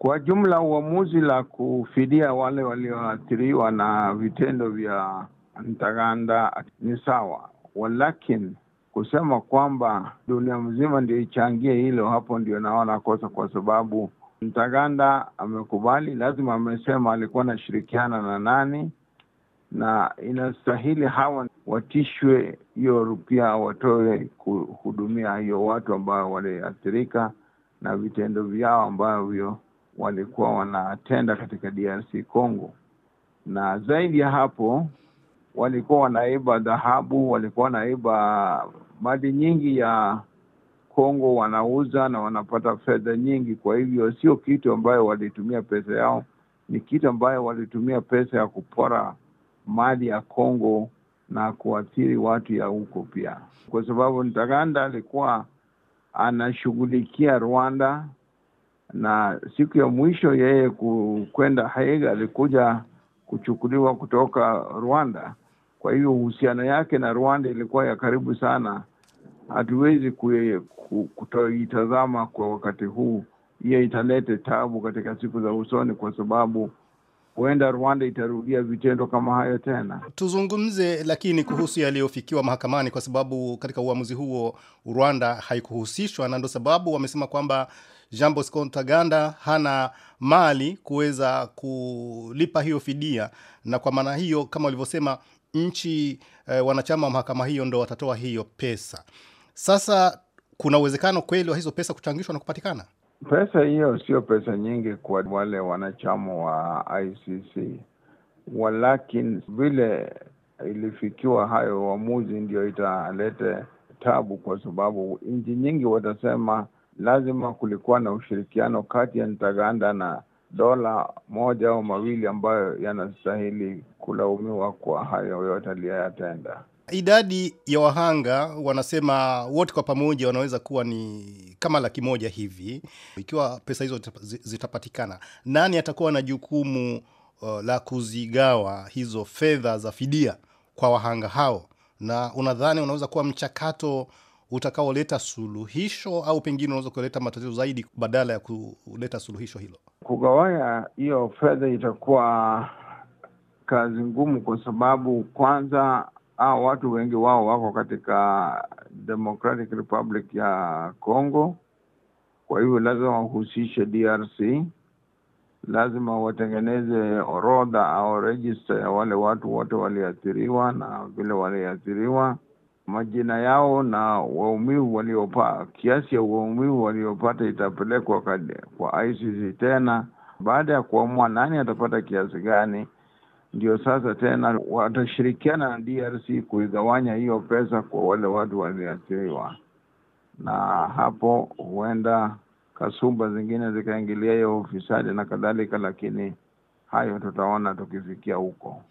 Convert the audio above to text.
Kwa jumla uamuzi la kufidia wale walioathiriwa na vitendo vya Ntaganda ni sawa, walakini kusema kwamba dunia mzima ndio ichangie hilo, hapo ndio naona kosa, kwa sababu Ntaganda amekubali, lazima amesema alikuwa anashirikiana na nani, na inastahili hawa watishwe hiyo rupia, watoe kuhudumia hiyo watu ambao waliathirika na vitendo vyao ambavyo walikuwa wanatenda katika DRC Congo, na zaidi ya hapo walikuwa wanaiba dhahabu, walikuwa wanaiba mali nyingi ya Kongo wanauza na wanapata fedha nyingi. Kwa hivyo sio kitu ambayo walitumia pesa yao, ni kitu ambayo walitumia pesa ya kupora mali ya Kongo na kuathiri watu ya huko pia, kwa sababu Ntaganda alikuwa anashughulikia Rwanda na siku ya mwisho yeye kwenda Hague alikuja kuchukuliwa kutoka Rwanda. Kwa hivyo uhusiano yake na Rwanda ilikuwa ya karibu sana. Hatuwezi kutoitazama kwa wakati huu, hiyo italete tabu katika siku za usoni, kwa sababu huenda Rwanda itarudia vitendo kama hayo tena. Tuzungumze lakini kuhusu yaliyofikiwa mahakamani, kwa sababu katika uamuzi huo Rwanda haikuhusishwa, na ndo sababu wamesema kwamba Jean Bosco Ntaganda hana mali kuweza kulipa hiyo fidia, na kwa maana hiyo kama walivyosema nchi eh, wanachama wa mahakama hiyo ndo watatoa hiyo pesa. Sasa kuna uwezekano kweli wa hizo pesa kuchangishwa na kupatikana? Pesa hiyo sio pesa nyingi kwa wale wanachama wa ICC, walakini vile ilifikiwa hayo uamuzi ndio italete tabu, kwa sababu nchi nyingi watasema lazima kulikuwa na ushirikiano kati ya Ntaganda na dola moja au mawili ambayo yanastahili kulaumiwa kwa hayo yote aliyoyatenda idadi ya wahanga wanasema wote kwa pamoja wanaweza kuwa ni kama laki moja hivi. Ikiwa pesa hizo zitapatikana, nani atakuwa na jukumu uh, la kuzigawa hizo fedha za fidia kwa wahanga hao? Na unadhani unaweza kuwa mchakato utakaoleta suluhisho au pengine unaweza kuleta matatizo zaidi badala ya kuleta suluhisho hilo? Kugawanya hiyo fedha itakuwa kazi ngumu, kwa sababu kwanza ah, watu wengi wao wako katika Democratic Republic ya Congo. Kwa hivyo lazima wahusishe DRC, lazima watengeneze orodha au register ya wale watu wote waliathiriwa na vile waliathiriwa majina yao na waumivu waliopata, kiasi ya waumivu waliopata itapelekwa kwa ICC tena baada ya kuamua nani atapata kiasi gani ndio sasa tena watashirikiana na DRC kuigawanya hiyo pesa kwa wale watu waliathiriwa, na hapo huenda kasumba zingine zikaingilia hiyo ufisadi na kadhalika, lakini hayo tutaona tukifikia huko.